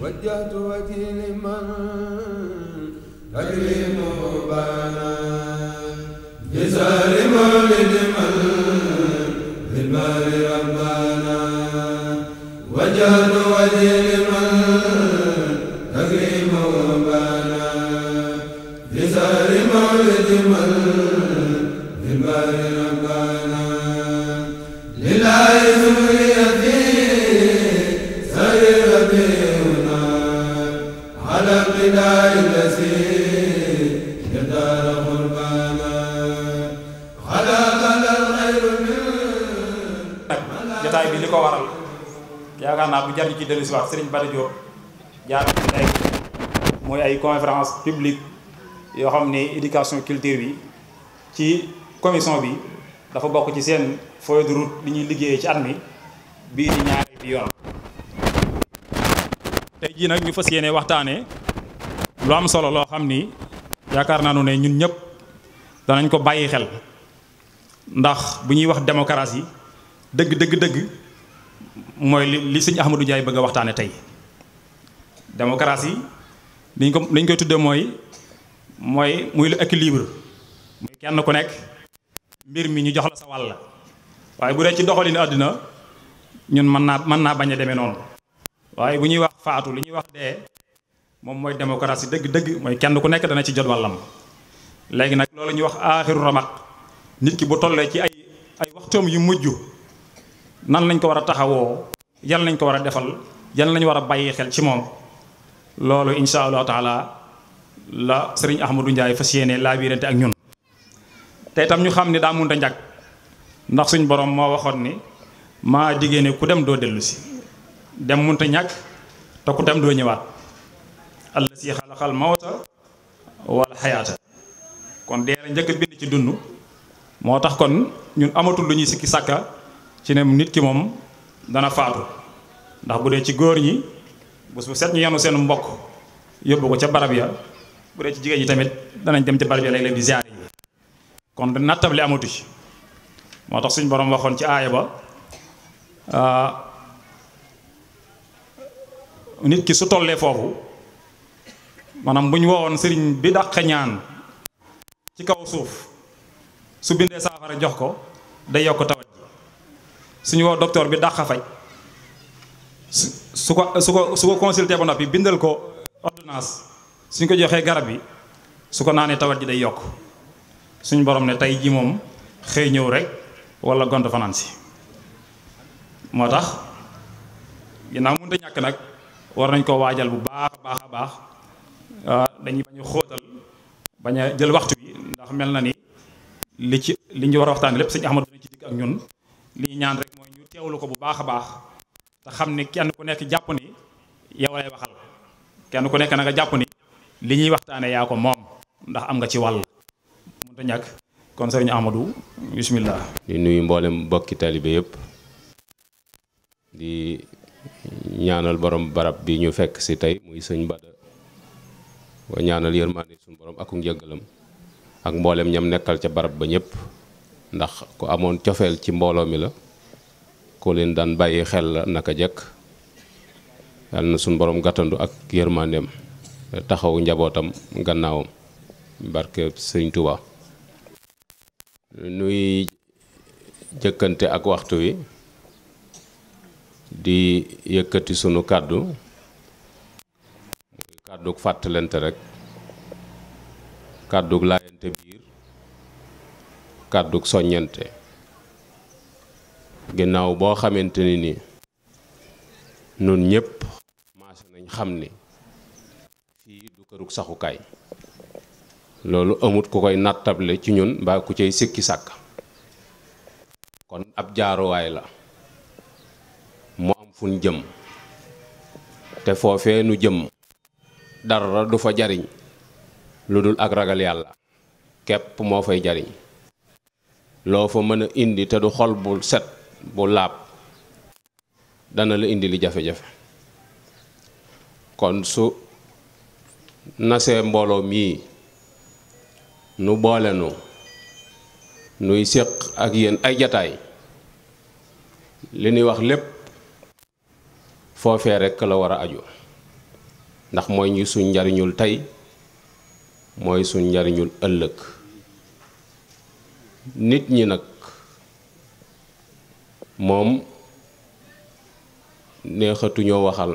وجهت وجهي لمن تكريم بنا بسال مولد من في البر ربنا وجهت وجهي لمن تكريم بنا بسال مولد من في البر ربنا jotaay bi li ko waral yaakaar naa bu jar ñu ci dellu si waat jaar ay mooy ay conférence publique yoo xam ne éducation culture bi ci commission bi dafa bokk ci seen feuille de li ñuy liggéeyee ci at mi bii ñaari bi yoon tey jii nag ñu fas yéene waxtaanee lu am solo loo xam ni yaakaar naa ne ñun ñëpp danañ ko bàyyi xel ndax bu ñuy wax yi dëgg dëgg dëgg mooy li li sëñ Ahmadou Ndiaye bëgg a waxtaane tey démocratie liñ ko liñ koy tuddee mooy mooy muy le équilibre muy kenn ku nekk mbir mi ñu jox la sa wàll waaye bu dee ci doxalin àddina ñun mën naa mën naa bañ a demee noonu waaye bu ñuy wax faatu li ñuy wax dee moom mooy démocratie dëgg-dëgg mooy kenn ku nekk dana ci jot wàllam léegi nag loolu ñuy wax aaxiru ramaq nit ki bu tollee ci ay ay waxtoom yu mujj nan lañ ko war a taxawoo yan lañ ko war a defal yan lañ war a bàyyi xel ci moom loolu insha allah taala la sëriñ njaay Ndiaye fas yéene laabirante ak ñun te itam ñu xam ne daa munta njàkk ndax suñ borom moo waxoon ni maa digée ku dem doo dellu si dem munta ñag te ku dem doo ñëwaat allasi xalaqal mawta wal xayaata kon dee la njëkk bind ci dund moo tax kon ñun amatul lu ñuy sikki sàkka ci ne nit ki moom dana faatu ndax bu dee ci góor ñi bés bu set ñu yanu seen mbokk yóbbu ko ca barab ya bu dee ci jigéen ñi tamit danañ dem ca barab ya léeg-léeg di ziyaare yi kon nattable amatu ci moo tax suñ boroom waxoon ci aaya ba ah, nit ki su tollee foofu maanaam bu ñu woowoon sëriñ bi dàq ñaan ci kaw suuf su bindee saafara jox ko day yokk tawat ji suñu woo docteur bi dàq faj su ko su ko su ko consulté ba noppi bindal ko ordonnance suñ ko joxee garab yi su ko naanee tawat ji day yokk suñ borom ne tey ji moom xëy ñëw rek walla gont fanaan si moo tax ginnaaw mënta ñàkk nag war nañ ko waajal bu baax a baax a baax Euh, dañuy bañ a xóotal bañ jël waxtu bi ndax mel na ni li ci li ñu war a waxtaanee lépp sëñ Ahmadu dina ci dikk ak ñun li ñu ñaan rek mooy ñu teewlu ko bu baax a baax te xam ni kenn ku nekk jàpp ni yow lay waxal kenn ku nekk na jàpp ni li ñuy waxtaanee yaa ko moom ndax am nga ci wàll mënta ñàkk kon sëñ Ahmadu bismillah di nuyu mboolem mbokki taalibe yëpp di ñaanal borom barab bi ñu fekk si tey muy sëñ Bada ko ñaanal yërmande suñ borom ak njëggalam ak mboolem ñam nekkal ca barab ba ñëpp ndax ku amoon cofeel ci mbooloo mi la ko leen daan bàyyi xel la naka jekk yàlla na suñu boroom gàttandu ak yërmandeem taxaw njabootam gannaawam barke Sëriñ Tuubaa nuy jëkkante ak waxtu wi di yëkkati sunu kàddu kàddug fàttalante rek kàddug laayante biir kàddug soññante ginnaaw boo xamante ni ni nun ñépp maase nañ xam ni fii du kërug saxukaay loolu amut ku koy nattable ci ñun mbaa ku cay sikki sàkk kon ab jaaruwaay la mu am fun jëm te foofee nu jëm dara du fa jariñ lu dul ak ragal yàlla képp moo fay jariñ loo fa mën a indi te du xol bu set bu laab dana la indi li jafe-jafe kon su nasee mbooloo mii nu boole nuy séq ak yéen ay jataay li ñuy wax lépp foofee rekk la war a aju ndax mooy suñ njariñul tey mooy suñ njariñul ëllëg nit ñi nag moom neexatuñoo waxal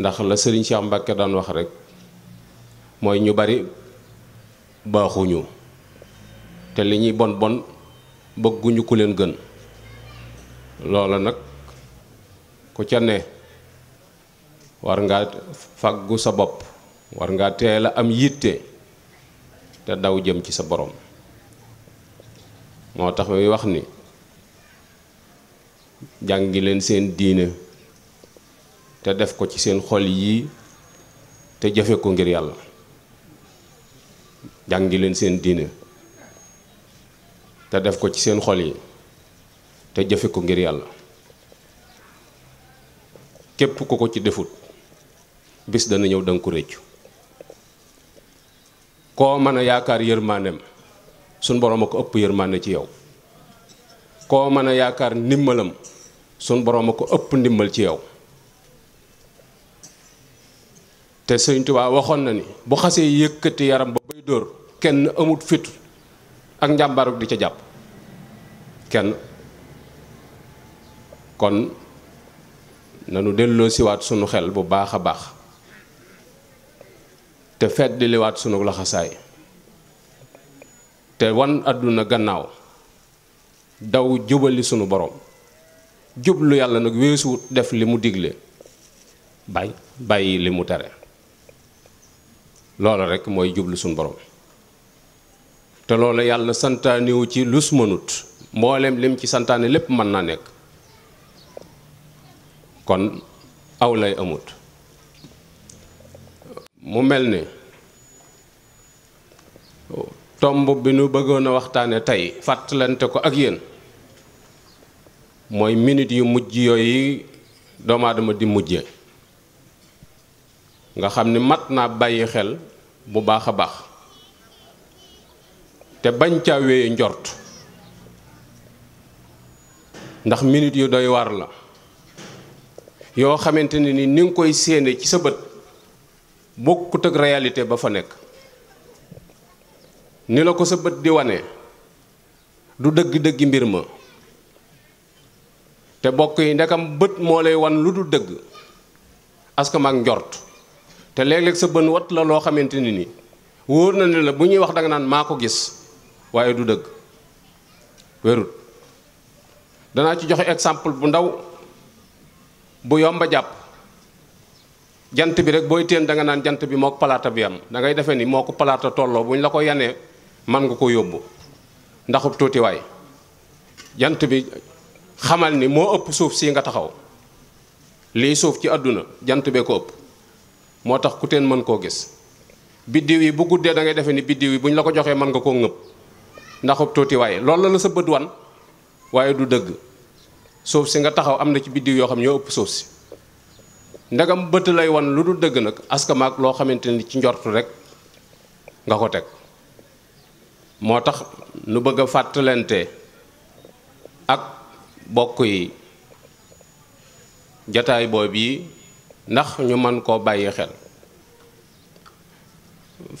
ndax la sëriñ Cheikh Mbacke daan wax rek mooy ñu bari baaxuñu te li ñuy bon bon bëgguñu ku leen gën loola nag ku ca ne war ngaa fàggu sa bopp war ngaa teel a am yitte te daw jëm ci sa borom moo tax muy wax ni jàngi leen seen diine te def ko ci seen xol yii te jëfe ko ngir yàlla jàngi leen seen diine te def ko ci seen xol yi te jëfe ko ngir yàlla képp ku ko ci defut bis dana ñëw da nga ko réccu koo mën a yaakaar yërmaaneem suñ borom a ko ëpp yërmaane ci yow koo mën a yaakaar ndimbalam suñ borom a ko ëpp ndimbal ci yow te Sëriñ Tuubaa waxoon na ni bu xasee yëkkati yaram ba bay dóor kenn amut fit ak njàmbaarug di ca jàpp kenn kon nanu delloo siwaat sunu xel bu baax a baax te feet di liwaat sunu laxasaay te wan àdduna gannaaw daw jubali sunu borom jublu yàlla nag weesu def li mu digle bay bàyyi li mu tere loolu rekk mooy jublu sunu borom te loolu yàlla santaanewu ci lus mënut mboolem lim ci santaane lépp mën naa nekk kon aw lay amut mu mel ni tomb bi nu bëggoon a waxtaane tey fàttalante ko ak yéen mooy minute yu mujj yooyu doomaadama di mujje nga xam ni mat naa bàyyi xel bu baax a baax te bañ ca wéye njort ndax minute yu doy war la yoo xamante ne ni ni nga koy séene ci sa bët bokkut ak réalité ba fa nekk ni la ko sa bët di wane du dëgg-dëggi mbir ma te bokk yi ndekam bët moo lay wan lu dul dëgg askam ak njort te léeg-léeg sa bën wat la loo xamante ni ni wóor na ne la bu ñuy wax danga naan maa ko gis waaye du dëgg wérut danaa ci joxe exemple bu ndaw bu yomba jàpp jant bi rek booy téen da nga naan jant bi moo ko palaata bi am da ngay ni moo ko palaata tolloo bu ñu la ko yanee man nga ko yóbbu ndaxub tuutiwaay jant bi xamal ni moo ëpp suuf si nga taxaw lii suuf ci àdduna jant bee ko ëpp moo tax ku teen mën koo gis biddiw yi bu guddee dangay ngay defee ni biddiw yi bu ñu la ko joxee mën nga koo ŋëpp ndaxub tuutiwaay loolu la la sa bët wan waaye du dëgg suuf si nga taxaw am na ci biddiw yoo xam ñoo ëpp suuf si ndegam bëtt lay wan lu dul dégg nag askamaak loo xamante ni ci njortu rek nga ko teg moo tax nu bëgg a fàttalante ak bokk yi jataay boobu yi ndax ñu mën koo bàyyi xel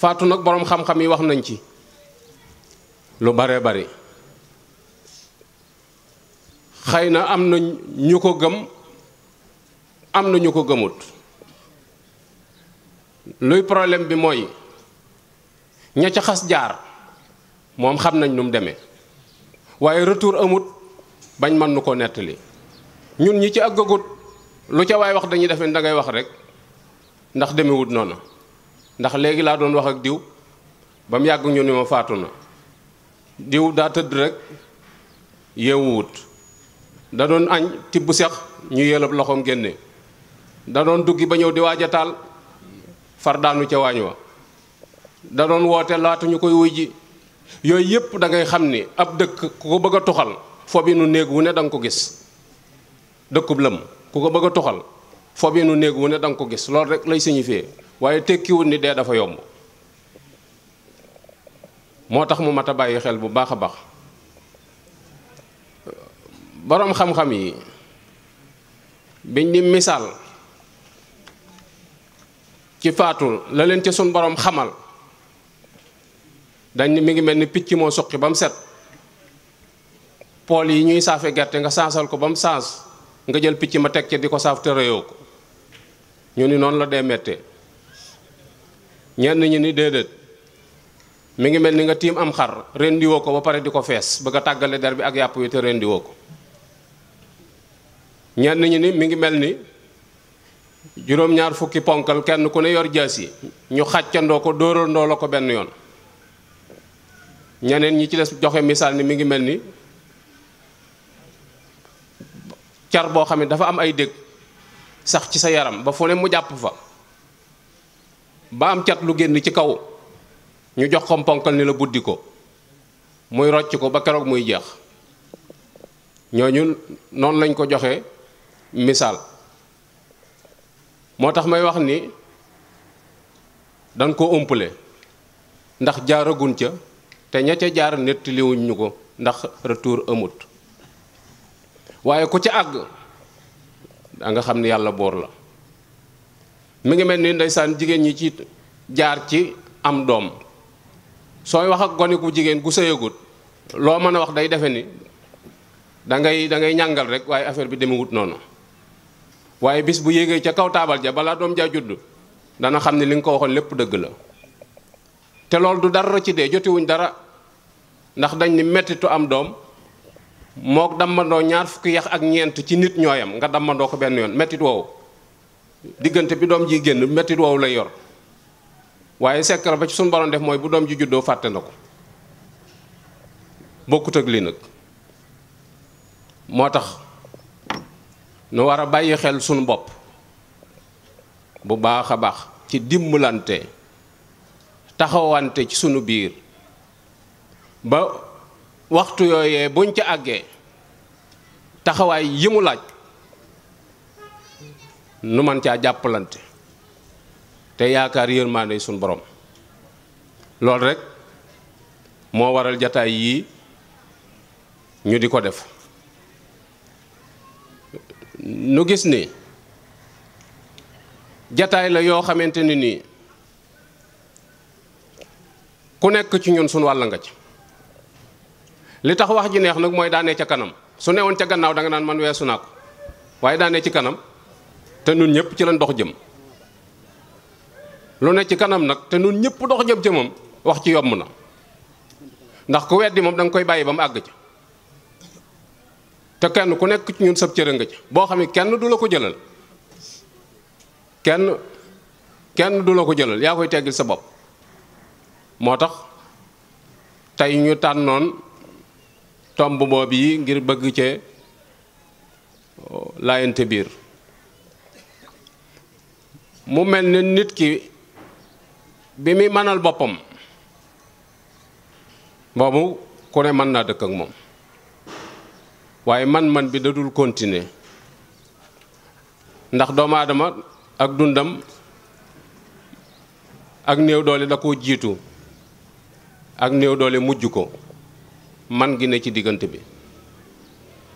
faatu nag boroom xam-xam yi wax nañ ci lu bare bari xëy na am na ñu ko gëm am na ñu ko gëmut luy problème bi mooy ña ca xas jaar moom xam nañ nu mu demee waaye retour amut bañ mën nu ko nettali ñun ñi ci àggagut lu ca waay wax dañuy defe da wax rek ndax demewut noonu ndax léegi laa doon wax ak diw ba mu yàgg ñu ni ma faatu na diw daa tëdd rekk yeewuwut wut doon añ tibb sex ñu yëlab loxoom génne da doon duggi ba ñëw di waaj a far daanu ca waañ wa da woote laatu ñu koy wuy ji yooyu yëpp da ngay xam ni ab dëkk ku ko bëgg a tuxal fobi néeg wu ne danga ko gis dëkkub lëm ku ko bëgg a tuxal fobi nu néeg wu ne da ko gis loolu rek lay signifié waaye tekkiwul ni dee dafa yomb moo tax mu mat a bàyyi xel bu baax a baax boroom xam-xam yi biñ ni misaal ci faatul la leen ca sun borom xamal dañ mi ngi mel ni picc moo suqi ba mu set pool yi ñuy saafe gerte nga saasal ko ba mu saas nga jël picc ma teg ca di ko saaf te réyoo ko ñu ni noonu la dee méttee ñenn ñi ni déedéet mu ngi mel ni nga tiim am xar rendiwoo ko ba pare di ko fees bëgg a tàggalee der bi ak yàpp wi te rendiwoo ko ñenn ñi ni mi ngi mel ni juróom-ñaar fukki ponkal kenn ku ne yor jaas yi ñu xàccandoo ko dóorandoo la ko benn yoon ñeneen ñi ci des joxe misaal ni mi ngi mel ni car boo xam ne dafa am ay dégg sax ci sa yaram ba fu ne mu jàpp fa ba am cat lu génn ci kaw ñu jox ko ponkal ni la buddi ko muy rocc ko ba keroog muy jeex ñu noonu lañ ko joxe misaal moo tax may wax ni danga ko ëmple ndax jaaragun ca te ña ca jaar nettaliwuñ ñu ko ndax retour amut waaye ku ca àgg da nga xam ni yàlla boor la mu ngi mel ni ndeysaan jigéen ñi ci jaar ci am doom sooy wax ak gone ku jigéen gu sëyagut loo mën a wax day defe ni dangay ngay da ngay ñàngal rek waaye affaire bi demewut noonu waaye bis bu yéegee ca kaw taabal ja balaa doom jaa judd dana xam ne li nga ko waxoon lépp dëgg la te loolu du dara ci dee jotewuñ dara ndax dañ ni mettitu am doom mook dammandoo ñaar fukki yax ak ñeent ci nit ñooyam nga dammandoo ko benn yoon mettit woowu diggante bi doom ji génn mettit woowu lay yor waaye sekkar ba ci suñu borom def mooy bu doom ji juddoo fàtte na ko bokkut ak lii nag moo tax nu war a bàyyi xel sunu bopp bu baax a baax ci dimbalante taxawante ci sunu biir ba waxtu yooyee buñ ca àggee taxawaay yi mu laaj nu man caa jàppalante te yaakaar yërmaande sunu borom loolu rekk moo waral jataay yii ñu di ko def nu gis ni jataay la yoo xamante ni nii ku nekk ci ñun suñu wàll nga ci li tax wax ji neex nag mooy daanee ca kanam su newoon ca gannaaw da nga naan man weesu naa ko waaye daanee ci kanam te nun ñëpp ci lañ dox jëm lu ne ci kanam nag te nun ñëpp dox jëm jëmam wax ci yomb na ndax ku weddi moom danga koy bàyyi ba mu àgg ca te kenn ku nekk ñun sab cëra nga ci boo xam ne kenn du la ko jëlal kenn kenn du la ko jëlal yaa koy teggil sa bopp moo tax tey ñu tànnoon tomb boobu yi ngir bëgg cee oh, laayante biir mu mel ni nit ki bi mu mënal boppam boobu ku ne mën naa dëkk ak moom waaye man-man bi da kontine ndax doomu aadama ak dundam ak néew doole da koo jiitu ak néew doole mujj ko man gi ne ci diggante bi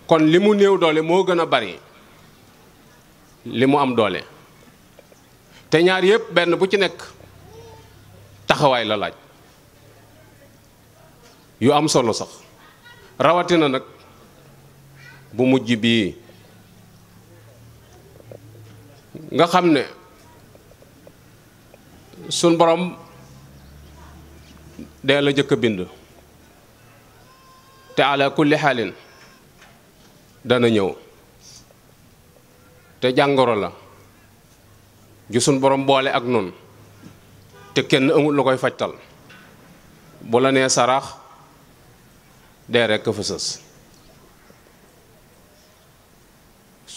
kon li mu néew doole moo gën a bari li mu am doole te ñaar yépp benn bu ci nekk taxawaay la laaj yu am solo sax rawatina nag bu mujj bii nga xam ne sun borom dee la jëkk a bind te ala kulli xaalin dana ñëw te jàngoro la ju sun borom boole ak nun te kenn amul lu koy fajtal bu la nee sarax dee rekk fa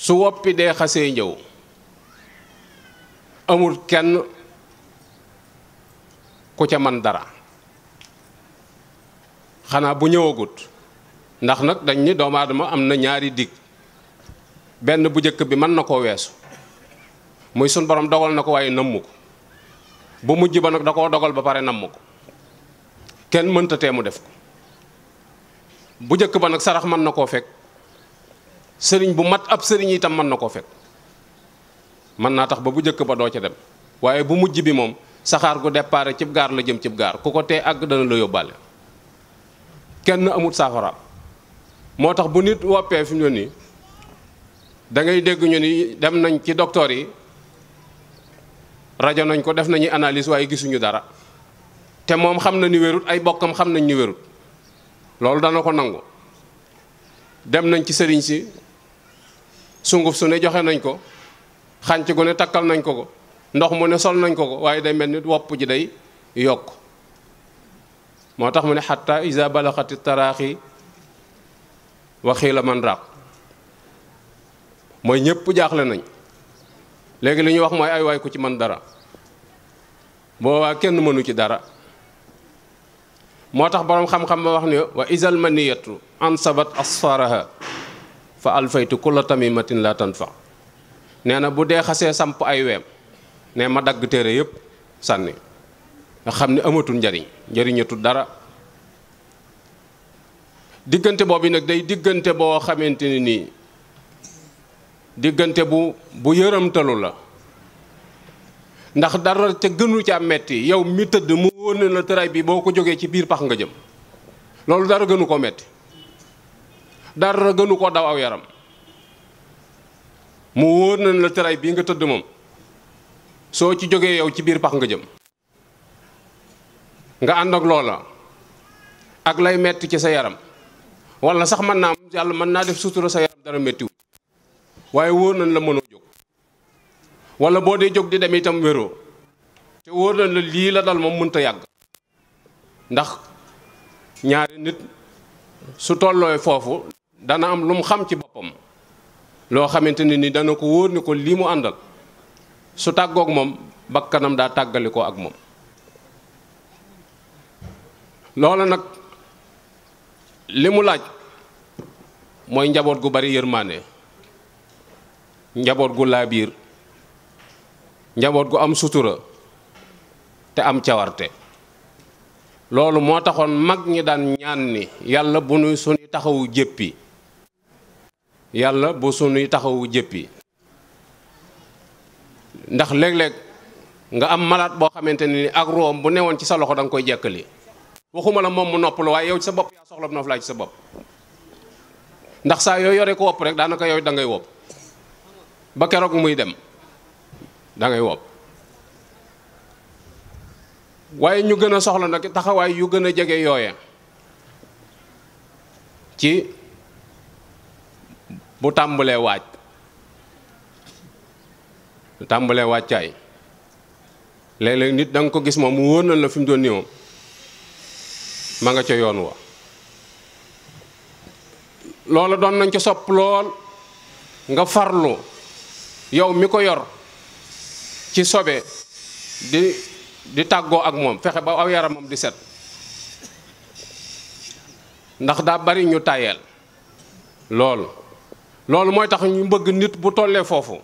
su woppi dee xasee njëw amul kenn ku ca man dara xanaa bu ñëwagut ndax nag dañ doom doomu aadama am na ñaari dikk benn bu jëkk bi mën na koo weesu muy suñ borom dogal na ko waaye namm ko bu mujj ba nag da koo dogal ba pare namm ko kenn mënta tee mu def ko bu njëkk ba nag sarax mën na koo fekk sëriñ bu mat ab sëriñ itam mën na koo fet mën naa tax ba bu njëkk ba doo ca dem waaye bu mujj bi moom saxaar gu départ cib gaar la jëm cib gaar ku ko tee àgg dana la yóbbaale kenn amut saafaraam moo tax bu nit woppee fi ñu nii da ngay dégg ñu ni dem nañ ci docteur yi rajo nañ ko def nañu analyse waaye gisuñu dara te moom xam na ni wérut ay bokkam xam nañ ni wérut loolu dana ko nangu dem nañ ci sëriñ si sunguf su ne joxe nañ ko xànc gu ne takkal nañ ko ko ndox mu ne sol nañ ko ko waaye day mel ni wopp ji day yokk moo tax mu ne xatta isa balaxati taraaxi waxii la man raaq mooy ñëpp jaaxle nañ léegi li ñuy wax mooy ay waay ku ci man dara boobaa kenn mënu ci dara moo tax boroom xam-xam ba wax ne wa isal maniyatu ansabat asfaraha fa alfaytu kulla tamimatin la tan fa nee na bu dee xasee samp ay weem ne ma dagg téere yëpp sànni nga xam ne amatul njariñ njariñatul dara diggante boobu nag day diggante boo xamante ne nii diggante bu bu yërëmtalu la ndax dara ca gënu ca metti yow mi tëdd mu wóor ne la tëraay bi boo ko jógee ci biir pax nga jëm loolu dara gënu ko metti dara gënu koo daw aw yaram mu wóor nañ la tëraay bii nga tëdd moom soo ci jógee yow ci biir pax nga jëm nga ànd ak loola ak lay metti ci sa yaram wala sax mën naa yàlla mën naa def sutura sa yaram dara méttiwu waaye wóor nañ la mënoo jóg wala boo dee jóg di dem itam wéroo te wóor nañ la lii la dal moom mënta yàgg ndax ñaari nit su tollooy foofu dana am lu mu xam ci boppam loo xamante ne ni danga ko wóor ni ko lii mu àndal su tàggook moom bakkanam daa ko ak moom loola nag li mu laaj mooy njaboot gu bari yërmaane njaboot gu laabiir njaboot gu am sutura te am cawarte loolu moo taxoon mag ñi daan ñaan ni yàlla bu nu suñu taxawu jéppi yàlla bu sunuy taxawu jëppi ndax léeg-léeg nga am malaat boo xamante ni ak room bu newoon ci sa loxo danga koy jekkali waxuma la moom mu noppalu waaye yow ci sa bopp yaa soxla noflaay ci sa bopp ndax saa yooyu yore ko wopp rek daanaka yow da ngay wopp ba keroog muy dem dangay ngay wopp waaye ñu gën a soxla nag taxawaay yu gën a jege yooya ci bu tàmbulee waaj bu tàmbulee wàccaay léeg-léeg nit danga ko gis moom mu wóor na la fi mu doon nii moom ma nga ca yoon wa loola doon nañ ca sopp lool nga farlu yow mi ko yor ci sobe di di tàggoo ak moom fexe ba aw moom di set ndax daa bari ñu tayeel lool loolu mooy tax ñu bëgg nit bu tollee foofu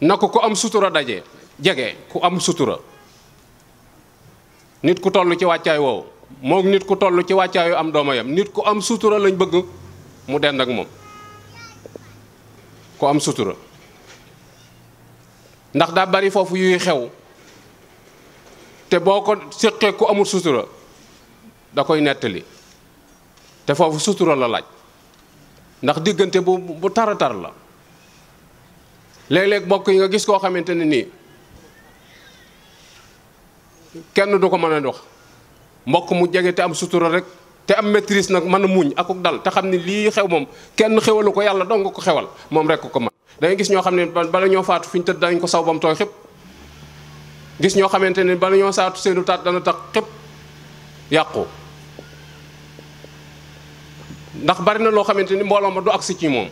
na ko ku am sutura daje jege ku am sutura nit ku toll ci wàccaay woowu moo nit ku toll ci wàccaayu am dooma yam nit ku am sutura lañu bëgg mu dend ak moom ku am sutura ndax daa bari foofu yuy xew te boo ko séqee ku amul sutura da koy nettali te foofu sutura la laaj ndax diggante bu bu tara tar la léeg-léeg bokk yi nga gis koo xamante ne nii kenn du ko mën a dox mbokk mu jege te am sutura rek te am maîtrise nag mën a muñ akuk dal te xam ne lii xew moom kenn xewalu ko yàlla dong ko xewal moom rek ko man dangay gis ñoo xam ne bala ñoo faatu fi ñu tëdd dañ ko saw bam tooy xëpp gis ñoo xamante ne bala ñoo saatu seenu taat dana tax xëpp yàqu ndax bari na loo xamante ni mbooloo ma du agsi ci moom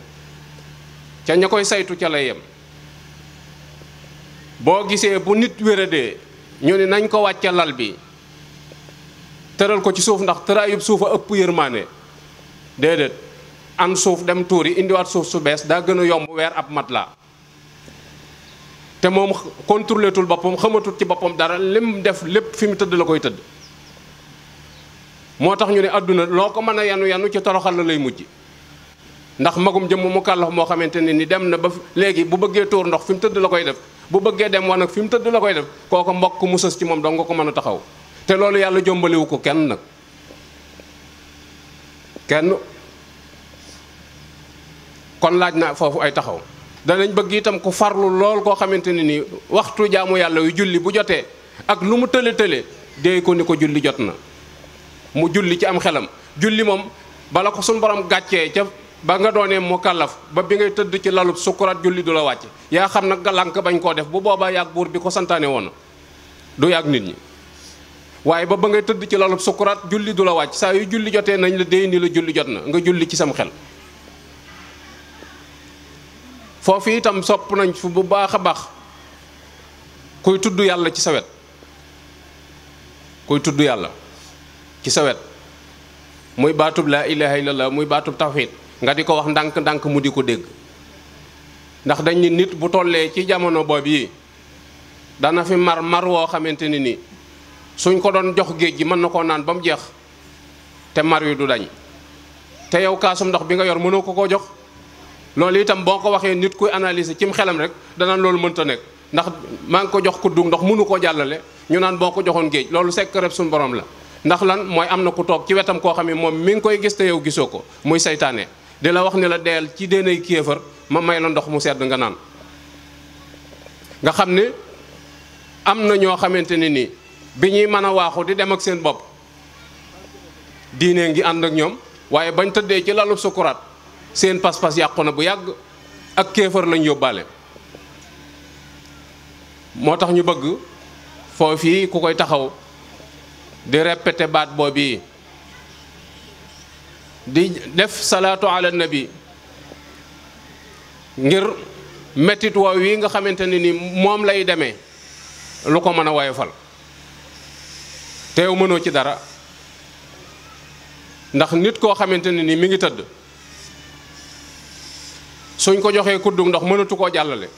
ca ña koy saytu ca la yem boo gisee bu nit wéradee ñu ne nañ ko wàcce lal bi tëral ko ci suuf ndax tëraayub suuf a ëpp yërmaane déedéet an suuf dem tuuri indiwaat suuf su bees daa gën a yomb weer ab mat la te moom contrôletul boppam xamatul ci boppam dara lim def lépp fi mu tëdd la koy tëdd moo tax ñu ne àdduna loo ko mën a yenu yanu ci toroxal la lay mujj ndax magum jëmm mu kàllax moo xamante ne ni dem na ba léegi bu bëggee tuur ndox fi mu tëdd la koy def bu bëggee dem nag fi mu tëdd la koy def ko mbokk mu sës ci moom dong ko mën a taxaw te loolu yàlla jombaliwu ko kenn nag kenn kon laaj na foofu ay taxaw danañ bëgg itam ku farlu lool koo xamante ne nii waxtu jaamu yàlla yu julli bu jotee ak lu mu tële tële dee ko ni ko julli jot na mu julli ci am xelam julli moom bala ko suñu borom gàccee ca ba nga doonee mu kàllaf ba bi ngay tëdd ci lalub sukkuraat julli du la wàcc yaa xam na nga bañ koo def bu boobaa yàgg buur bi ko santaane woon du yàgg nit ñi waaye ba ba ngay tëdd ci lalub sukkuraat julli du la wàcc saa yu julli jotee nañ la déy ni la julli jot na nga julli ci sam xel foofu itam sopp nañ fu bu baax a baax kuy tudd yàlla ci sawet kuy tudd yàlla ci sa wet muy baatub laa ilaha la muy baatub tawxiid nga di ko wax ndànk-ndànk mu di ko dégg ndax dañ ni nit bu tollee ci jamono boobu yi dana fi mar mar woo xamante ni nii suñ ko doon jox géej gi mën na koo naan ba mu jeex te mar wi du dañ te yow kaasum ndox bi nga yor mënoo ko koo jox loolu itam boo ko waxee nit kuy analyser cim xelam rek dana loolu mënta nekk ndax maa ngi ko jox kuddug ndox mënu koo jàllale ñu naan boo ko joxoon géej loolu sekk rek suñu borom la ndax lan mooy am na ku toog ci wetam koo xam ne moom mi ngi koy gis te yow gisoo ko muy saytaane di wax ni la deel ci déenay kéefar ma may la ndox mu sedd nga naan nga xam ne am na ñoo xamante ne nii bi ñuy mën a waaxu di dem ak seen bopp diine ngi ànd ak ñoom waaye bañ tëddee ci lalu sukuraat seen pas-pas yàqu na bu yàgg ak kéefar lañ yóbbaale moo tax ñu bëgg foofu yi ku koy taxaw di répété baat boobu di def salaatu ala bi ngir métit woow wi nga xamante ne ni moom lay demee lu ko mën a woyofal teew mënoo ci dara ndax nit koo xamante ne ni mi ngi tëdd suñ ko joxee kuddug ndox mënatu koo jàllale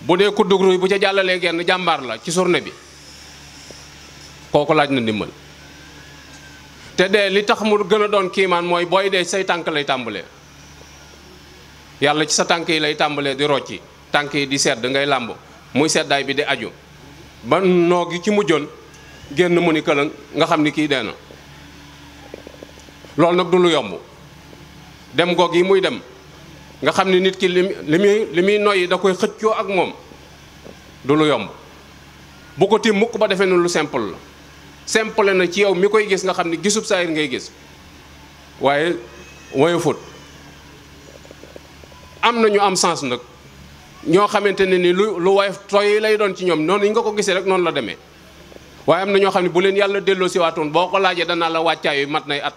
bu dee kuddug ruy bu ca jàllalee genn jàmbaar la ci journée bi kooku laaj na ndimbal te dee li tax mu gën a doon kiimaan mooy booy dee say tànk lay tàmbalee yàlla ci sa tànk yi lay tàmbalee di rocci tànk yi di sedd ngay làmb muy seddaay bi di aju ba noo gi ci mujjoon génn mu ni këlëng nga xam ni kii dee na loolu nag du lu yomb dem goog yi muy dem nga xam ni nit ki li muy li muy noyyi da koy xëccoo ak moom du lu yomb bu ko tiim mukk ba defee ni lu simple la simple na ci yow mi koy gis nga xam ne gisub saayir ngay gis waaye woyofut am na ñu am sens nag ñoo xamante ne ni lu lu woyof tooy lay doon ci ñoom noonu ñu nga ko gisee rek noonu la demee waaye am na ñoo xam ne bu leen yàlla delloo si waatoon boo ko laajee danaa la wàccaayu mat nay at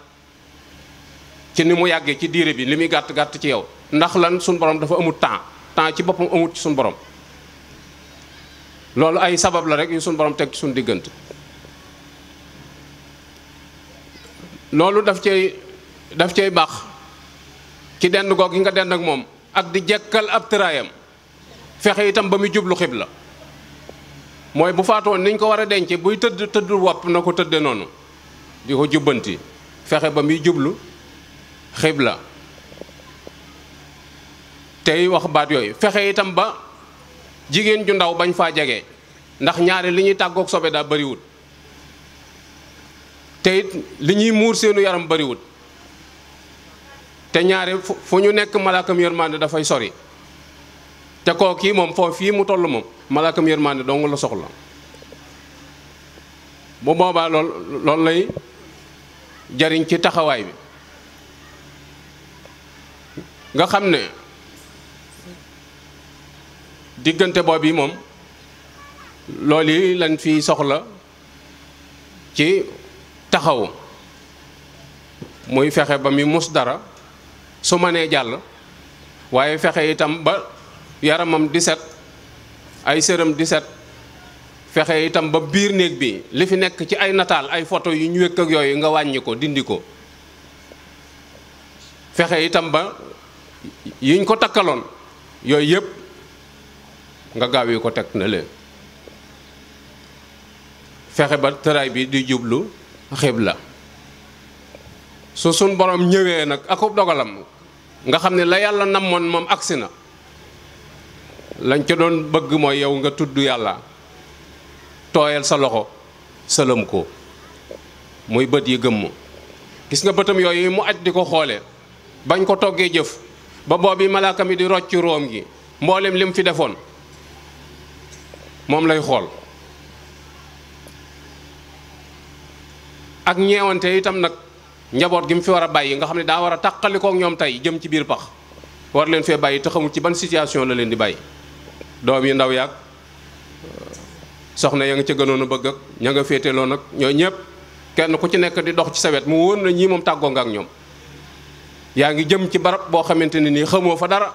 ci ni mu yàggee ci diire bi li muy gàtt gàtt ci yow ndax lan suñ borom dafa amut temps temps ci boppam amut ci suñ borom loolu ay sabab la rek yu suñ borom teg ci suñ diggante loolu daf cay daf cay baax ci dend goog yi nga dend ak moom ak di jekkal ab tëraayam fexe itam ba muy jublu xibla mooy bu faatoon niñ ko war a denc buy tëdd tëddul wopp na ko tëdde noonu di ko jubbanti fexe ba muy jublu xibla tey wax baat yooyu fexe itam ba jigéen ju ndaw bañ faa jege ndax ñaari li ñuy tàggoog sobe daa bariwul te li ñuy muur seenu yaram bariwut te ñaare fu ñu nekk malaakam yërmande dafay sori te kooki moom foofu fii mu toll moom malaakam yërmande dong la soxla bu boobaa lool lay jariñ ci taxawaay bi nga xam ne diggante boobu yi moom lool yi lañ fiy soxla ci taxaw muy fexe ba muy mos dara su ma nee jàll waaye fexe itam ba yaramam di set ay sëram di set fexe itam ba biir néeg bi li fi nekk ci ay nataal ay photo yu ñu wékk ak yooyu nga wàññi ko dindi ko fexe itam ba yiñ ko takkaloon yooyu yépp nga gaaw yi ko teg na leen fexe ba tëraay bi di jublu xibla su suñ borom ñëwee nag akub dogalam nga xam ne la yàlla nammoon moom agsi na lañ ca doon bëgg mooy yow nga tudd yàlla tooyal sa loxo sëlëm ko muy bët yi gëmm gis nga bëtam yooyu mu aj di ko xoole bañ ko toggee jëf ba boobi malaaka mi di rocc room gi li mu fi defoon moom lay xool ak ñeewante itam nag njaboot gi mu fi war a bàyyi nga xam ne daa war a tàqalikook ñoom tey jëm ci biir pax war leen fee bàyyi te xamul ci ban situation la leen di bàyyi doom yi ndaw yaag soxna yaa ngi ca gënoon a bëgg ak ña nga féeteloo nag ñooy ñëpp kenn ku ci nekk di dox ci sa wet mu wóor na ñii moom tàggoo nga ak ñoom yaa ngi jëm ci barab boo xamante ne nii xamoo fa dara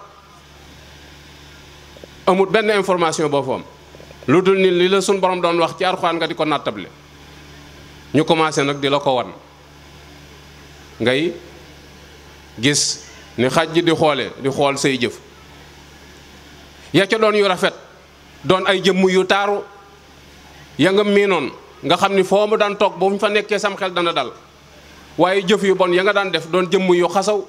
amul benn information boo fa lu dul nii li la suñ boroom doon wax ci Alxuraan nga di ko nattable ñu commencé nag di la ko wan ngay gis ni xaj di xoolee di xool say jëf ya ca doon yu rafet doon ay jëmm yu taaru ya nga miinoon nga xam ni foo mu daan toog ba mu fa nekkee sam xel dana dal waaye jëf yu bon ya nga daan def doon jëmm yu xasaw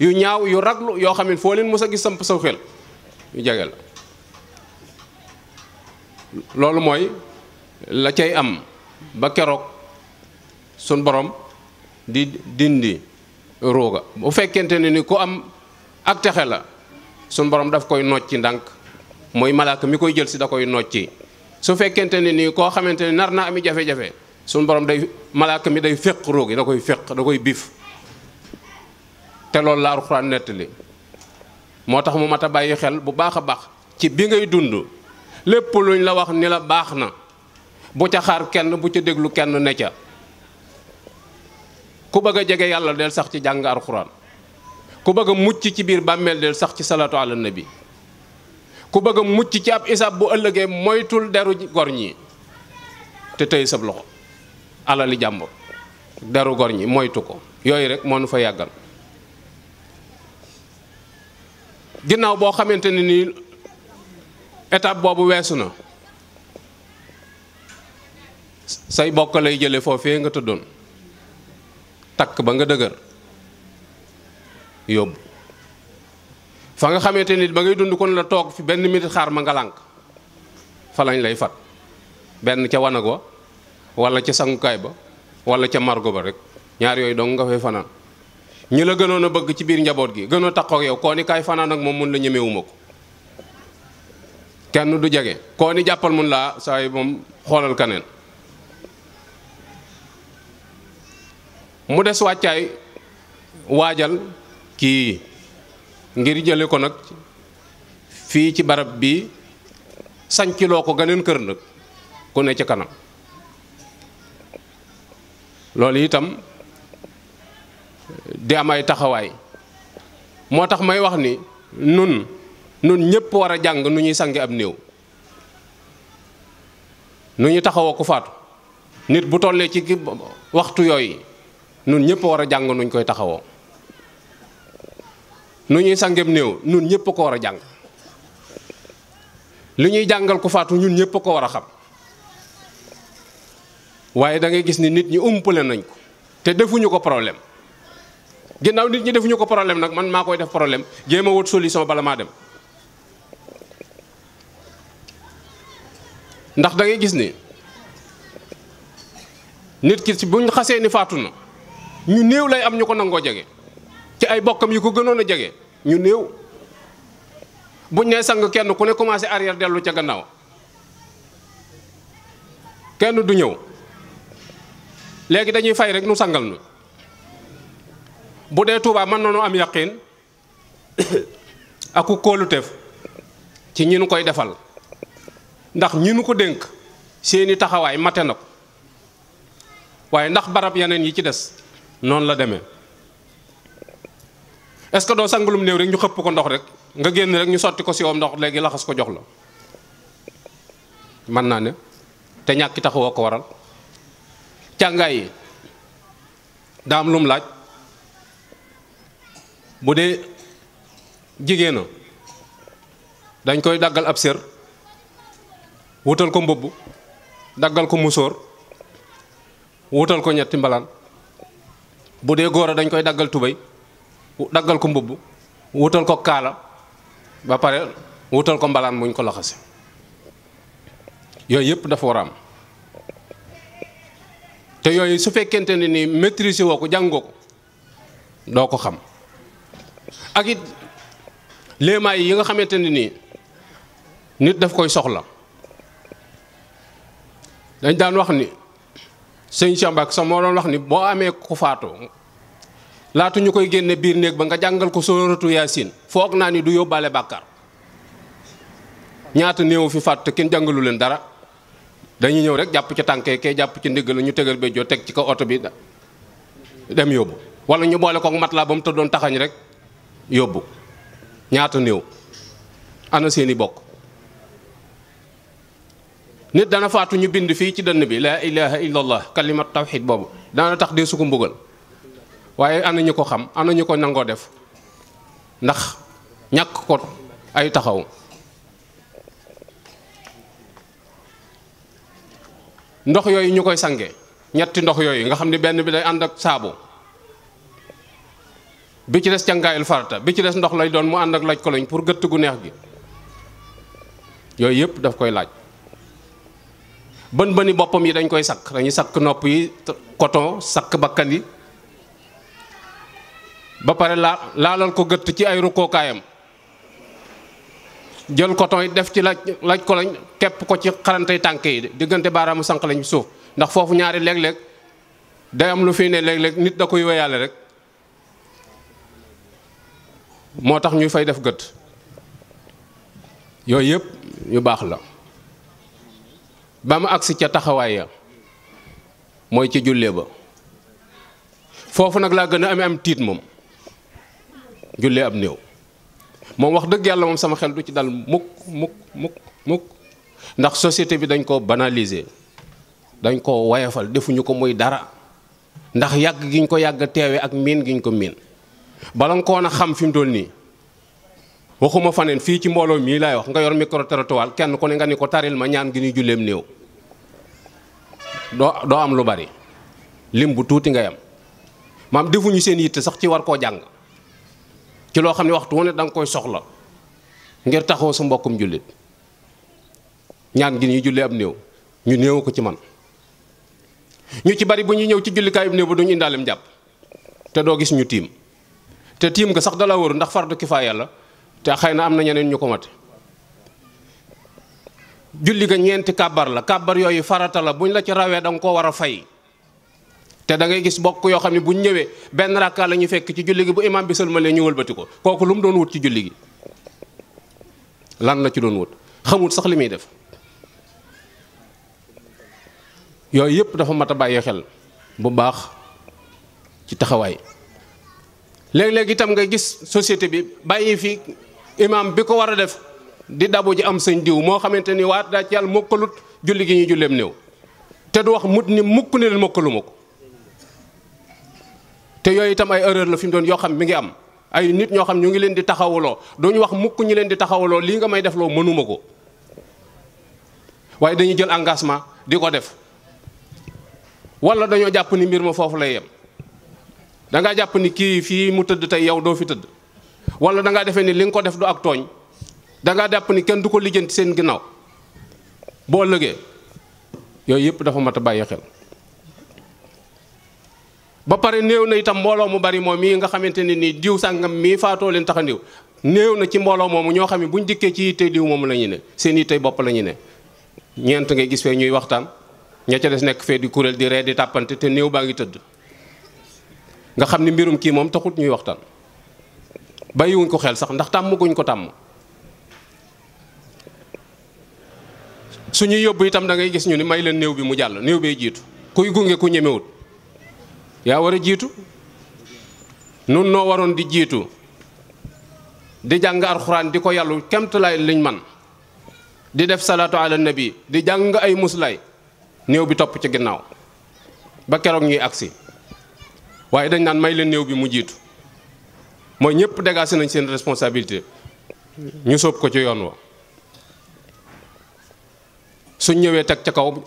yu ñaaw yu raglu yoo xam ne foo leen mës a gis samp saw xel yu jege la loolu mooy la cay am ba keroog sun borom di dindi ruuga bu fekkente ne ni ku am ak texe la sun borom daf koy nocci ndànk mooy malaaka mi koy jël si da koy nocci su fekkente ne nii koo xamante ne nar naa ami jafe-jafe sun borom day malaaka mi day féq ruugi da koy féq da koy biif te loolu la alxuraan nettali moo tax mu mat a bàyyi xel bu baax a baax ci bi ngay dund lépp luñ la wax ni la baax na bu ca xaar kenn bu ca déglu kenn ne ca ku bëgg a jege yàlla del sax ci jàng alxuraan ku bëgg a mucc ci biir bàmmeel del sax ci salaatu ala nabi ku bëgg a mucc ci ab isaab bu ëllëgee moytul deru gor ñi te tëye sab loxo alali jàmbur deru gor ñi moytu ko yooyu rek moo nu fa yàggal ginnaaw boo xamante ne nii étape boobu weesu na say bokk lay jële foofee nga tëddoon takk ba nga dëgër yóbbu fa nga xamante nit ba ngay dund kon la toog fi benn minute xaar ma nga lànk fa lañ lay fat benn ca wanag wa wala ca sangukaay ba wala ca margo ba rek ñaar yooyu dong nga fay fanaan ñi la gënoon a bëgg ci biir njaboot gi gënoo a taqoog yow koo fanaan ak moom mun la ñemewuma ko kenn du jege koo ni jàppal mun laa saa moom xoolal kaneen mu des wàccaay waajal kii ngir jële ko nag fii ci barab bi sañciloo ko ganeen kër nag ku ne ci kanam loolu itam di am ay taxawaay moo tax may wax ni nun nun ñépp war a jàng nu ñuy sange ab néew nu ñu taxawa ku faatu nit bu tollee ci waxtu yooyu nun ñëpp war a jàng nuñ koy taxawoo nu ñuy sangem néew nun ñëpp ko war a jàng li ñuy jàngal ko faatu ñun ñëpp ko war a xam waaye dangay gis ni nit ñi umpale nañ ko te defuñu ko problème ginnaaw nit ñi defuñu ko problème nag man maa koy def problème jéem a wut solution bala maa dem ndax dangay gis ni nit ki si buñ xasee ni faatu na ñu néew lay am ñu ko nangoo jege ci ay bokkam yi ko gënoon a jege ñu néew buñ ne sang kenn ku ne commencé arrière dellu ca gannaaw kenn du ñëw léegi dañuy fay rek nu sangal nu bu dee Tuubaa mën nañu am yaqin ak ku kóoluteef ci ñi nu koy defal ndax ñi nu ko dénk seeni taxawaay matte na ko waaye ndax barab yeneen yi ci des noonu la demee est-ce que doo sangalum néew rek ñu xëpp ko ndox rek nga génn rek ñu sotti ko si wam ndox léegi laxas ko jox la mën naa ne te ñàkki taxawoo ko waral càngaay yi daam lum laaj bu dee jigéena dañ koy daggal ab sér wutal ko mbubb daggal ko musóor wutal ko ñetti mbalaan bu dee góor a dañ koy daggal tubéy daggal ko mbubb wutal ko kaala ba pare wutal ko mbalaan muñ ko laxase yooyu yëpp dafa war a am te yooyu su fekkente ne ni maîtrise woo ko jàngoo ko doo ko xam ak it léemaay yi nga xamante ne nii nit daf koy soxla dañ daan wax ni sëñ Cheikh Mbacke sax moo doon wax ni boo amee ku faatu laatu ñu koy génne biir néeg ba nga jàngal ko sóoratu yaasin foog naa ni du yóbbaale bàkkaar ñaata néew fi faatu te kenn jàngalu leen dara dañuy ñëw rek jàpp ca tànkee kee jàpp ci ndigg la ñu tegal béjjoo teg ci ka oto bi dem yóbbu wala ñu boole ko mat laa ba mu doon taxañ rek yóbbu ñaata néew ana seeni bokk nit dana faatu ñu bind fii ci dënn bi laa ilaha illallah kalimat tawxid boobu dana tax dee su ko mbugal waaye ana ñu ko xam ana ñu ko nangoo def ndax ñàkk ko ay taxaw ndox yooyu ñu koy sange ñetti ndox yooyu nga xam ni benn bi day ànd ak saabu bi ci des càngaayul farata bi ci des ndox lay doon mu ànd ak laj koloñ pour gëtt gu neex gi yooyu yëpp daf koy laaj bën bëni boppam yi dañ koy sakk dañuy sakk nopp yi coton sakk bakkan yi ba pare laa laalal ko gëtt ci ay rukkookaayam jël coton yi def ci laj laj ko lañ kepp ko ci xarantey tànk yi diggante baaraamu sànq lañ suuf ndax foofu ñaari léeg-léeg day am lu fi ne léeg-léeg nit da koy wéyaale rek moo tax ñu fay def gët yooyu yëpp ñu baax la ba mu agsi ca taxawaay ya mooy ca jullee ba foofu nag laa gën a amee am tiit moom jullee ab néew moom wax dëgg yàlla moom sama xel du ci dal mukk mukk mukk mukk ndax société bi dañ koo banaliser dañ koo wayafal defuñu ko muy dara ndax yàgg giñ ko yàgg teewe ak miin giñ ko miin bala ko woon a xam fi mu toll nii waxuma faneen fii ci mbooloo mii laay wax nga yor micro trottoir kenn ku ne nga ni ko taril ma ñaan gi ni julleem néew doo doo am lu bari lim bu tuuti ngay am maam defuñu seen yitte sax ci war koo jàng ci loo xam ne waxtu wu ne koy soxla ngir taxaw sa mbokkum jullit ñaan gi ñu jullee am néew ñu néew ko ci man ñu ci bari bu ñu ñëw ci jullikaayub néew ba duñu indaalem jàpp te doo gis ñu tiim te tiim nga sax dala wëru ndax fardu kifaaya la te xëy na am na ñeneen ñu ko mate julli ga ñeenti kàbbar la kàbbar yooyu farata la buñ la ci rawee danga nga koo war a fay te dangay gis bokk yoo xam ne buñ ñëwee benn rakka la ñu fekk ci julli gi bu imaam bi sëlmalee ñu wëlbati ko kooku lu mu doon wut ci julli gi lan la ci doon wut xamut sax li muy def yooyu yëpp dafa mat a bàyyi xel bu baax ci taxawaay léeg-léeg itam nga gis société bi bàyyi fi imaam bi ko war a def di dabu ji am sëñ diw moo xamante ni waat daa ci yàlla mokkalut julli gi ñuy julleem néew te du wax mut ni mukk ni leen mokkaluma ko te yooyu tam ay erreur la fi mu doon yoo xam mi ngi am ay nit ñoo xam ñu ngi leen di taxawaloo duñu wax mukk ñu leen di taxawaloo lii nga may def loo mënuma ko waaye dañu jël engagement di ko def walla dañoo jàpp ni mbir ma foofu lay yem dangaa jàpp ni kii fii mu tëdd tey yow doo fi tëdd wala da ngaa defee ni li nga ko def du ak tooñ da ngaa jàpp ni kenn du ko lijjanti seen ginnaaw boo lëgee yooyu yëpp dafa mat a bàyyi xel. ba pare néew na itam mbooloo mu bari moom yi nga xamante ne nii diw sàngam mii faatoo leen taxandiw a néew na ci mbooloo moomu ñoo xam ne buñ dikkee ci yitte diw moomu la ñu ne seen yitte bopp lañu ne ñeent ngay gis fee ñuy waxtaan ña ca des nekk fee di kuréel di ree di tàppante te néew baa ngi tëdd nga xam ni mbirum kii moom taxut ñuy waxtaan. bàyyiwuñ ko xel sax ndax tàmm guñ ko tàmm suñuy yóbbu itam da ngay gis ñu ni may leen néew bi mu jàll néew bee jiitu kuy gunge ku ñemewut yaa war a jiitu nun noo waroon di jiitu di jàng alxuraan di ko yàllu kemtulaay liñ man di def salaatu ala nabi di jàng ay muslaay néew bi topp ci ginnaaw ba keroog ñuy agsi waaye dañ naan may leen néew bi mu jiitu mooy ñëpp dégagé nañ seen responsabilité ñu sóob ko ci yoon wa suñ ñëwee teg ca kaw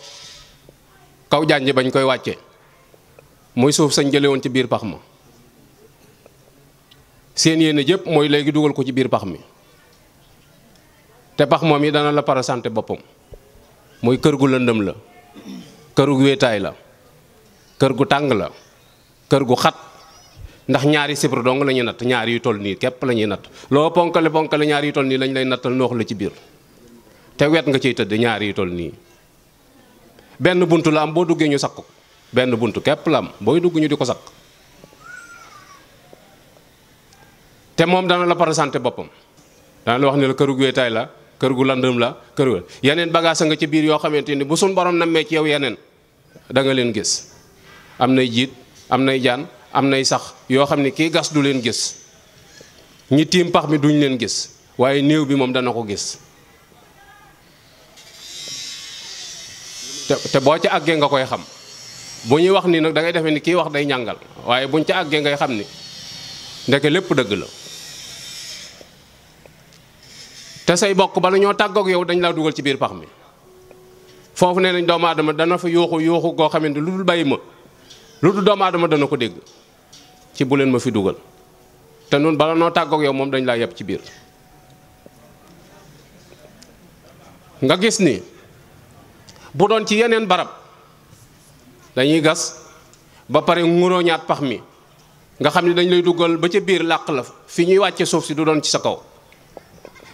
kaw jànj bañ koy wàcce mooy suuf sañ jële woon ci biir pax ma seen yéene jëpp mooy léegi dugal ko ci biir pax mi te pax moom yi dana la parasanté boppam mooy kër gu lëndëm la kër gu wéetaay la kër gu tàng la kër gu xat ndax ñaari sibru dong la ñuy natt ñaari yu toll nii képp la ñuy natt loo ponkale ponkale ñaari yu toll nii lañ lay nattal noox la ci biir te wet nga ci tëdd ñaari yu toll nii benn bunt la am boo duggee ñu ko benn bunt képp la am booy dugg ñu di ko sakk te moom dana la présenté boppam dana la wax ne la këru wéetaay la kër gu landëm la kër gu yeneen bagage nga ci biir yoo xamante ni bu suñ borom nammee ci yow yeneen da leen gis am nay jiit am nay jaan am nay sax yoo xam ne kii gas du leen gis ñi tiim pax mi duñ leen gis waaye néew bi moom dana ko gis te boo ci àggee nga koy xam bu ñuy wax nii nag dangay ngay defee ni kii wax day ñàngal waaye buñ ci àggee ngay xam ni ndeke lépp dëgg la te say bokk bala ñoo tàggoog yow dañ laa dugal ci biir pax mi foofu nee nañ doomu aadama dana fa yuuxu yuuxu goo xamante lu dul bàyyi ma lu dul doomu aadama dana ko dégg ci bu leen ma fi dugal te noonu bala noo tàggook yow moom dañu laa yeb ci biir nga gis ni bu doon ci yeneen barab dañuy gas ba pare nguróoñaat pax mi nga xam ni dañ lay dugal ba ca biir làq la fi ñuy wàcce suuf si du doon ci sa kaw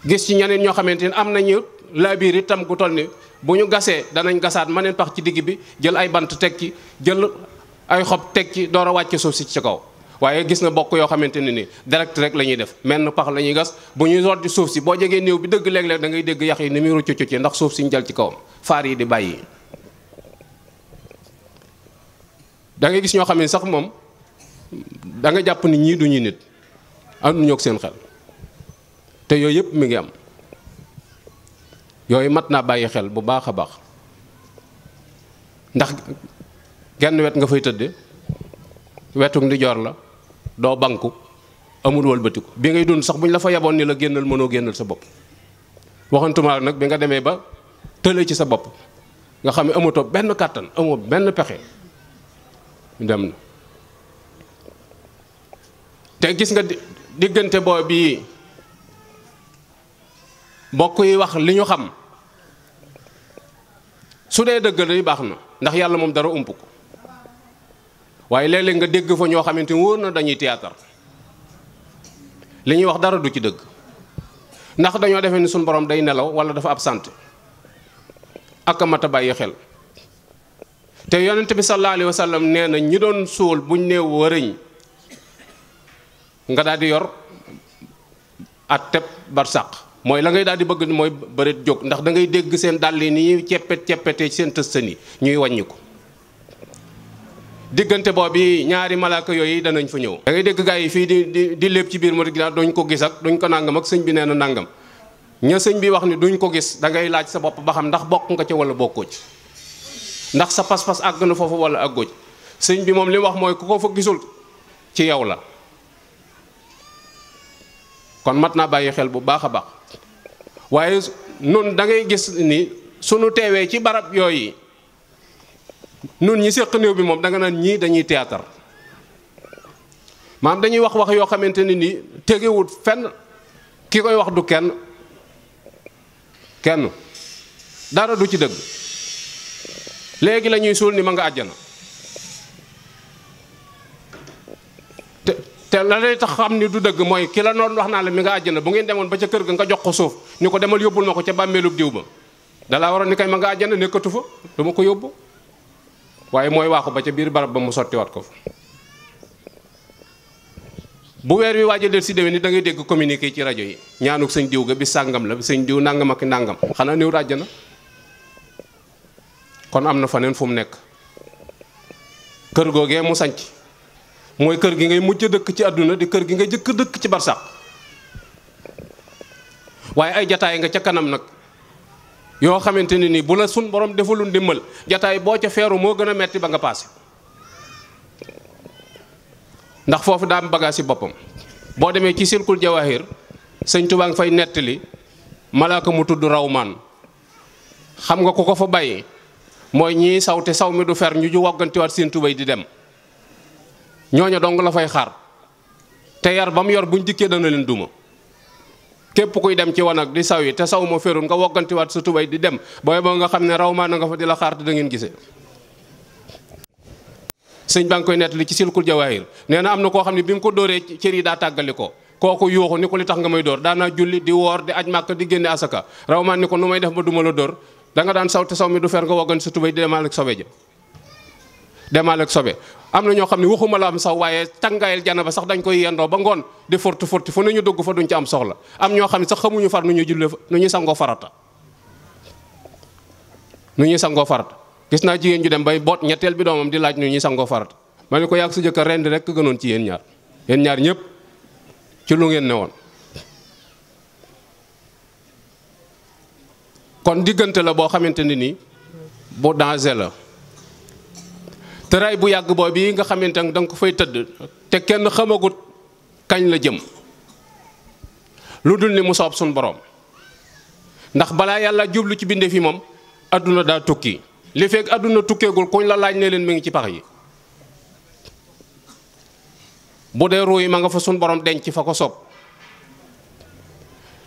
gis ci ñeneen ñoo xamante ni am nañu laa biir tam gu toll ni bu ñu gasee danañ gasaat maneen pax ci digg bi jël ay bant teg ci jël ay xob teg ci door a wàcce suuf si ci sa kaw waaye gis na bokk yoo xamante ne ni direct rek la ñuy def menn pax la ñuy gas bu ñuy rotti suuf si boo jegee néew bi dëgg léeg-léeg da ngay dégg yax yi ni muy ruccu ci ndax suuf si ñu jël ci kawam faar yi di bàyyi. dangay gis ñoo xam ne sax moom danga jàpp ni ñii du ñuy nit ànduñu ak seen xel te yooyu yëpp mi ngi am yooyu mat naa bàyyi xel bu baax a baax ndax genn wet nga fay tëdd wetuk ndijoor la doo banku amul wëlbatiku bi ngay dund sax bu ñu la fa yaboon ni la génnal mënoo génnal sa bopp waxantuma nag bi nga demee ba tële ci sa bopp nga xam ne amatoo benn kàttan amoo benn pexe dem na te gis nga diggante boo bii mbokk yi wax li ñu xam su dee dëgg lay baax na ndax yàlla moom dara ump ko waaye léeg nga dégg fa ñoo xamante ni wóor na dañuy théâtre li ñuy wax dara du ci dëgg ndax dañoo defee ni suñu borom day nelaw wala dafa absent ak a mat bàyyi xel te yonent bi sallallahu alayhi wa sallam nee na ñi doon suul buñ nee wërëñ nga daal yor at teb bar sàq mooy la ngay daal di bëgg mooy bëreet jóg ndax da ngay dégg seen dàll yi ni ceppet ceppetee seen tëstën yi ñuy wàññi diggante boobu ñaari malaaka yooyu danañ fa ñëw da ngay dégg gars yi fii di di di lépp ci biir murid gi daal duñ ko gis ak duñ ko nàngam ak sëñ bi nee na nàngam ña sëñ bi wax ni duñ ko gis dangay laaj sa bopp ba xam ndax bokk nga ca wala bokkoo ci ndax sa pas-pas àgg na foofu wala ak goj sëñ bi moom li wax mooy ku ko fa gisul ci yow la kon mat naa bàyyi xel bu baax a baax waaye nun dangay gis ni sunu teewee ci barab yooyu nun ñi séq néew bi moom danga naan ñii dañuy théâtre maam dañuy wax wax yoo xamante ne ni tegewut fenn ki koy wax du kenn kenn dara du ci dëgg léegi la ñuy suul ni ma nga àjjana te te la lay tax xam ni du dëgg mooy ki la noonu wax naa la mi nga àjjana bu ngeen demoon ba ca kër ga nga jox ko suuf ni ko demal yóbbul ma ko ca bàmmeelub diw ma dalaa waroon ni kay ma nga àjjana nekkatu fa du ko yóbbu waaye mooy waaxu ba ca biir barab ba mu sottiwaat ko bu weer wi waaj a del si déwén ni da ngay dégg communiqué ci rajo yi ñaanu sëñ diw ga bi sàngam la sëñ diw nàngam ak nàngam xanaa néew ràjj na kon am na faneen fu mu nekk kër googee mu sañc mooy kër gi ngay mujj dëkk ci àdduna di kër gi nga jëkk dëkk ci barsax waaye ay jataay nga ca kanam nag yoo xamante ni nii bu la sun borom defalul ndimbal jataay boo ca feeru moo gën a metti ba nga paase ndax foofu daa am bagage si boppam boo demee ci silkul jawahir sëñ Tuubaa nga fay nettali malaaka mu tudd rawmaan xam nga ku ko fa bàyyi mooy ñii saw te saw mi du fer ñu ju woggantiwaat seen tubéy di dem ñooñu dong la fay xaar te yar ba mu yor buñ dikkee dana leen duma képp kuy dem ci wanag di saw yi te saw ma ferul nga woggantiwaat sa tubay di dem booy boo nga xam ne raw maa na nga fa di la xaar te da ngeen gisee sëñ baa ngi koy nettali ci silkul jawaahir nee na am na koo xam ne bi nga ko dóoree cër yi daa tàggali ko kooku yuuxu ni ko li tax nga may dóor daanaa julli di woor di aj màkk di génne asaka raw maa ni ko nu may def ma duma la dóor da daan saw te saw mi du fer nga wogganti sa tubay di demaale ak sobe ja sobe am na ñoo xam ne waxuma la am sax waaye tàngaayal janaba sax dañ koy yendoo ba ngoon di forti forti fu ne ñu dugg fa duñ ci am soxla am ñoo xam ne sax xamuñu far nu ñu fa nu ñuy sangoo farata nu ñuy sangoo farata gis naa jigéen ju dem bay boot ñetteel bi doomam di laaj nu ñuy sangoo farata ma ni ko yàgg sa jëkk ren di rek gënoon ci yéen ñaar yéen ñaar ñëpp ci lu ngeen ne woon kon diggante la boo xamante ne nii bu danger la tëraay bu yàgg boobu yi nga xamante ne danga ko fay tëdd te kenn xamagut kañ la jëm lu dul ni mu soob suñ boroom ndax balaa yàlla jublu ci bindee fi moom àdduna daa tukki li fekk àdduna tukkeegul kuñ la laaj ne leen mi ngi ci pax yi bu dee ruu yi ma nga fa sun boroom denc fa ko soob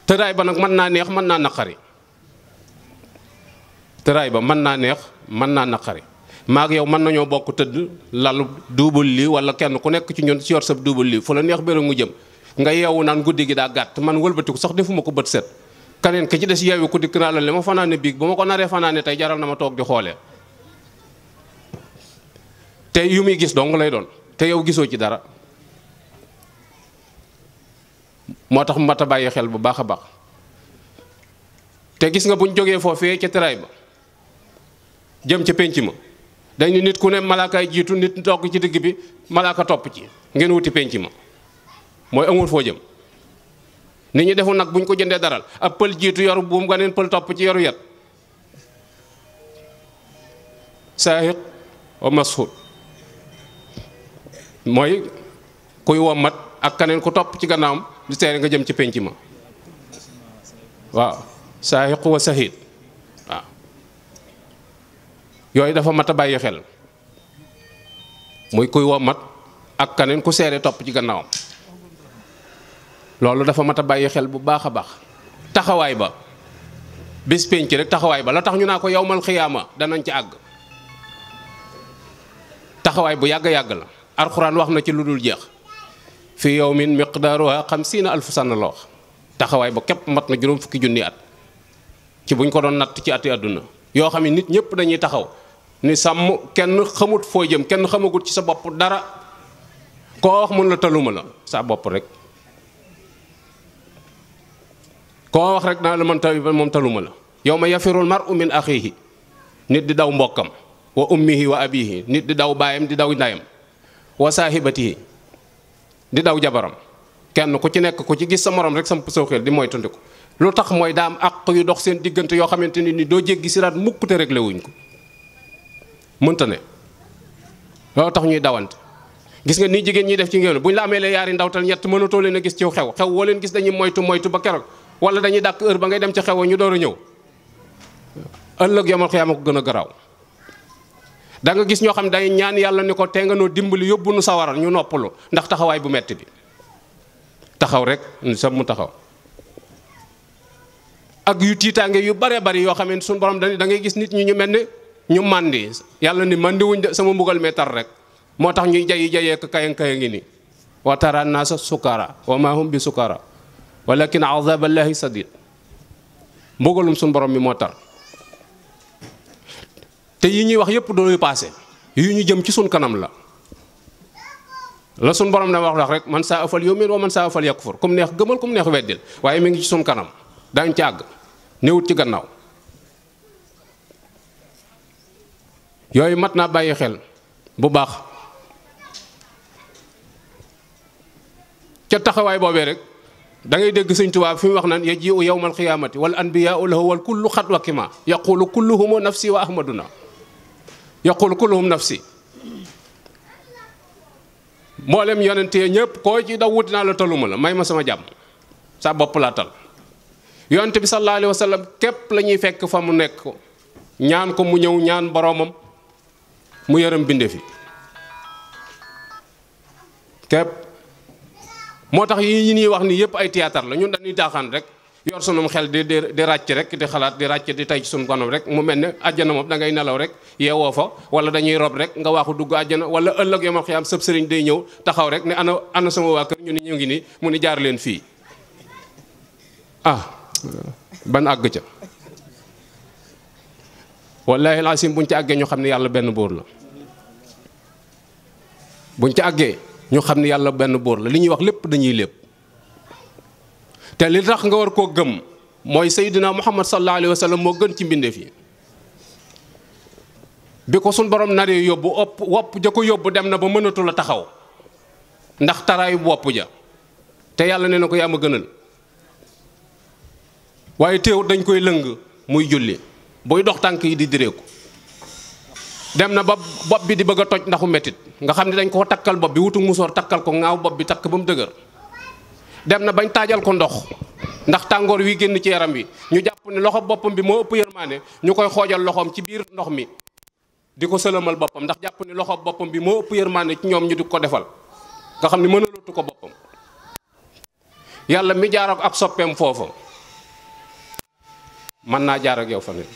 tëraay ba nag mën naa neex mën naa naqari tëraay ba mën naa neex mën naa naqari maag yow mën nañoo bokk tëdd lalu duubal lii wala kenn ku nekk ci ñun si yor sab duubal lii fu la neex bëri mu jëm nga yeewu naan guddi gi daa gàtt man wëlbatiku sax defuma ko bët set kaneen ki ci des yeewu ko dikk naa la li ma fanaane biig bu ma ko naree fanaane tey jaral na ma toog di xoolee te yu muy gis dong lay doon te yow gisoo ci dara moo tax mat a bàyyi xel bu baax a baax te gis nga buñ jógee foofee ca teraay ba jëm ca pénc ma dañu nit ku ne malaakaay jiitu nit toog ci digg bi malaaka topp ci ngeen wuti penc ma mooy amul foo jëm nit ñi defu nag bu ñu ko jëndee daral ab pël jiitu yoru buum nga neen pël topp ci yoru yet saahiq wa mashud mooy kuy wommat ak kaneen ku topp ci gannaawam di teere nga jëm ci penc ma waaw saahiq wa sahid yooyu dafa mat a bàyyi xel muy kuy mat ak kaneen ku seere topp ci gannaawam loolu dafa mat a bàyyi xel bu baax a baax taxawaay ba bés penc rek taxawaay ba la tax ñu naa ko yowmal xiyaama danañ ci àgg taxawaay bu yàgg yàgg la alxuraan wax na ci lu dul jeex fii fi yawmin miqdaaruha xamsiina alfu sana la wax taxawaay ba képp mat na juróom fukki junni at ci buñ ko doon natt ci ati àdduna yoo xam ne nit ñëpp dañuy taxaw ni sàmm kenn xamut foo jëm kenn xamagut ci sa bopp dara koo wax mun la taluma la sa bopp rek koo wax rek naa la mën tawi ba moom taluma la yow ma yafirul mar'u min axiihi nit di daw mbokkam wa ummihi wa abihi nit di daw baayam di daw ndayam wa saahibatihi di daw jabaram kenn ku ci nekk ku ci gis sa morom rek sa saw xel di mooy tund lu tax mooy daa am àq yu dox seen diggante yoo xamante ni doo jéggi siraat mukk te réglé wuñ ko mënta ne loolu tax ñuy dawante gis nga ni jigéen ñi def ci ngeen bu ñu la amee la yaari ndaw ndawtal ñett mënatoo leen a gis ci xew xew woo leen gis dañuy moytu moytu ba keroog wala dañuy dàq heure ba ngay dem ci xew wa ñu door a ñëw ëllëg yomal xiyaama ko gën a garaaw da gis ñoo xam ne dañuy ñaan yàlla ni ko te nga noo dimbali yóbbu nu sawara ñu noppalu ndax taxawaay bu metti bi taxaw rek sa mu taxaw ak yu tiitaange yu bare bari yoo xam ne suñu borom da gis nit ñi ñu mel ni ñu màndi yàlla ni màndi de sama mbugal mee rek moo tax ñuy jayi jayee ko kayan kayan ngi ni wa tara naasa sukara wa ma hum bi sukara walakin azaballahi sadid mbugalum suñ borom mi moo tar te yi ñuy wax yépp dooyu passé yu ñu jëm ci suñ kanam la la suñ borom na wax wax rek man saa afal wa man saa afal yakfur kum neex gëmal kum neex weddil waaye mi ngi ci suñ kanam daañu ci àgg néewut ci gannaaw yooyu mat naa bàyyi xel bu baax ca taxawaay boobee rek dangay ngay dégg sëñ Tuubaa fi mu wax naan yajiu yawmal qiyaamati wal anbiyaau lahu wal kullu xat wakima yaqulu kulluhum nafsi wa ahmaduna yaqulu kulluhum nafsi mboolem yonente ñëpp koo ci daw wuti naa la taluma la may ma sama jàmm sa bopp laa tal yonente bi sallallahu alayhi wa sallam képp la fekk fa mu nekk ñaan ko mu ñëw ñaan boroomam mu yaram bindee fi képp moo tax yi ñuy wax nii yëpp ay théâtre la ñun dañuy daaxaan rek yor sunum xel di di ràcc rek di xalaat di ràcc di tay ci sunu kanam rek mu mel ne àjjana moom da ngay nelaw rek yeewoo fa wala dañuy rob rek nga waaxu dugg àjjana wala ëllëg yomal xiyaam sëb sëriñ day ñëw taxaw rek ne ana ana sama waa kër ñu ni ñu ngi nii mu ni jaar leen fii ah ban àgg ca wallaahi laasim buñ ci àggee ñu xam ne yàlla benn buur la buñ ci àggee ñu xam ne yàlla benn buur la li ñuy wax lépp dañuy lépp te li tax nga war koo gëmm mooy sayyidina muhammad sallallahu alayhi wa moo gën ci mbindeef yi bi ko suñ borom naree yóbbu opp wopp ja ko yóbbu dem na ba mënatul a taxaw ndax taraayu wopp ja te yàlla nee na ko yaa a gënal waaye teewut dañ koy lëng muy julli buy dox tànk yi di direeku dem na ba bopp bi di bëgg toj ndaxu métit nga xam ne dañ koo takkal bopp bi wutu musóor takkal ko ŋaaw bopp bi takk ba mu dëgër dem na bañ taajal ko ndox ndax tàngoor wi génn ci yaram wi ñu jàpp ne loxo boppam bi moo ëpp yërmaane ñu koy xoojal loxoom ci biir ndox mi di ko sëlëmal boppam ndax jàpp ne loxo boppam bi moo ëpp yërmaane ci ñoom ñu di ko defal nga xam ne mënalatu ko boppam yàlla mi jaar ak soppeem foofa mën naa jaar ak yow fa ne